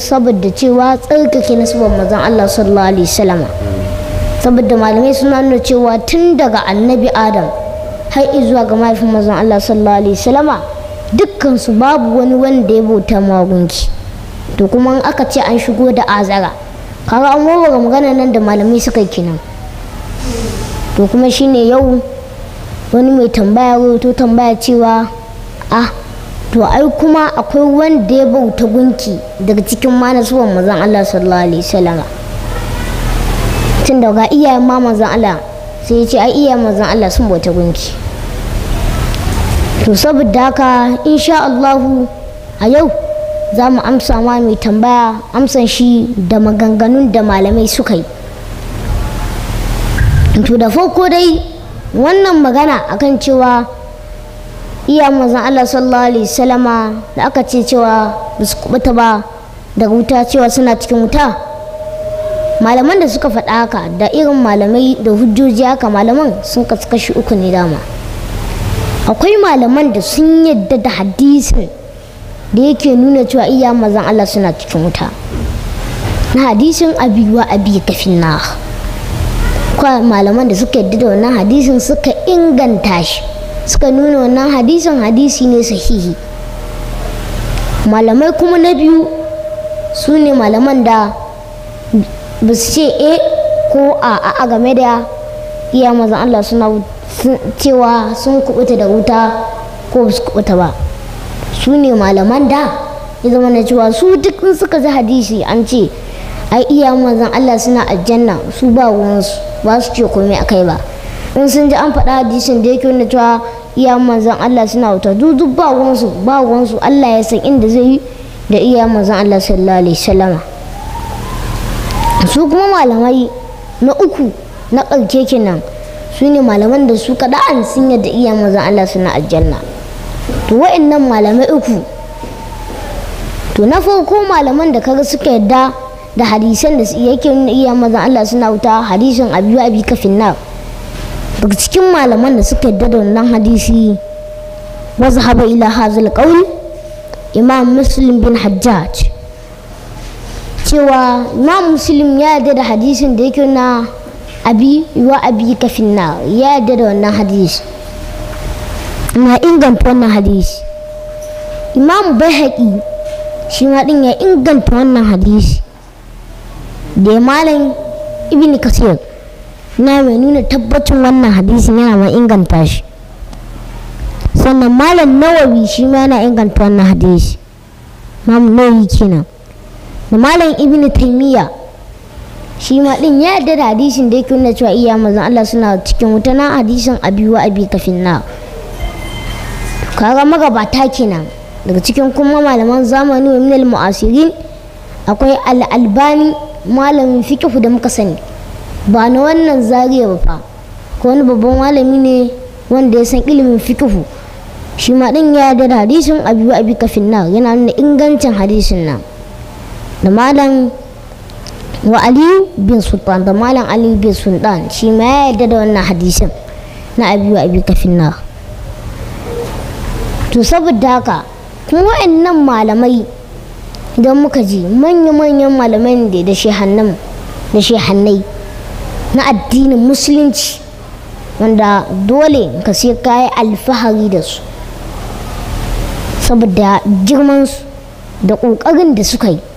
saboda cewa tsarkake nasabar mazan Allah sallallahu alaihi saboda malamai suna nuna cewa tun daga annabi adam har izuwa ga mahaifin mazan Allah sallallahu alaihi dukkan su babu wani wanda ya bauta magunki to kuma aka ce an shigo da azara kaga an warware magana nan da malamai suka kinan to kuma shine yau wani mai tambaya tambaya cewa ah to ai kuma akwai wanda ya bauta gunki daga cikin manasuwan mazan Allah sallallahu alaihi wasallama tun daga iyayen ma mazan Allah sai ya ce ai iyayen mazan Allah sun bauta gunki to saboda haka insha Allahu a yau za mu amsa ma mai tambaya amsan shi da maganganun da malamai suka yi to da farko dai wannan magana akan cewa iya manzon Allah sallallahu alaihi wasallama da aka ce cewa ba su kubuta ba daga wuta cewa suna cikin wuta malaman da suka faɗa haka da irin malamai da hujjoji haka malaman sun kasu kashi uku ne dama akwai malaman da sun yadda da hadisin da yake nuna cewa iya mazan Allah suna cikin wuta na hadisin abiwa abi kafin na kwa malaman da suka yadda da wannan hadisin suka inganta shi suka nuna wannan hadisin hadisi ne sahihi malamai kuma na biyu su ne malaman da ba su ce e ko a a game da iya mazan Allah suna cewa sun kubuta da wuta ko su kubuta ba su ne malaman da ya zama na cewa su duk sun suka ji hadisi an ce ai iya mazan Allah suna aljanna su ba su ba su ce komai akai ba sun sun ji an faɗa hadisin da yake wani cewa iya manzan Allah suna wuta duk ba wansu ba wansu Allah ya san inda zai yi da iya manzan Allah sallallahu alaihi wasallama su kuma malamai na uku na ƙarke kenan su ne malaman da su an sun yadda iya manzan Allah suna aljanna to wa'annan malamai uku to na farko malaman da kaga suka yadda da hadisan da yake nuna iya manzan Allah suna wuta hadisin abu abi kafin nan daga cikin malaman da suka yadda da wannan hadisi wasu haba ila hazul ƙauri imam muslim bin hajjaj cewa imam muslim ya yadda da hadisin da yake na abi wa abi kafin na ya yadda da wannan hadisi na inganta wannan hadisi imam bai haƙi shi ma ɗin ya inganta wannan hadisi da malam ibn kasir na mai nuna tabbacin wannan hadisin yana ma inganta shi sannan malam nawawi shi ma yana inganta wannan hadisi mamu nawawi kenan da malam ibn taimiyya shi ma din ya yarda da hadisin da yake nuna cewa iya mazan Allah suna cikin wuta na hadisin abi wa abi kafin na kaga magabata kenan daga cikin kuma malaman zamani wa minal mu'asirin akwai al-albani malamin fiqh da muka sani ba na wannan zariya ba fa ko wani babban malami ne wanda ya san ilimin fikihu shi ma din ya da hadisin abu abi kafin nan yana nuna ingancin hadisin nan da malam wa ali bin sultan da malam ali bin sultan shi ma ya yarda da wannan hadisin na abu abi kafin nan to saboda haka kuma wa'annan malamai idan muka ji manya-manyan malamai da shehannai na addinin musulunci wanda dole ka sai yi alfahari da su saboda girmansu da ƙoƙarin da suka yi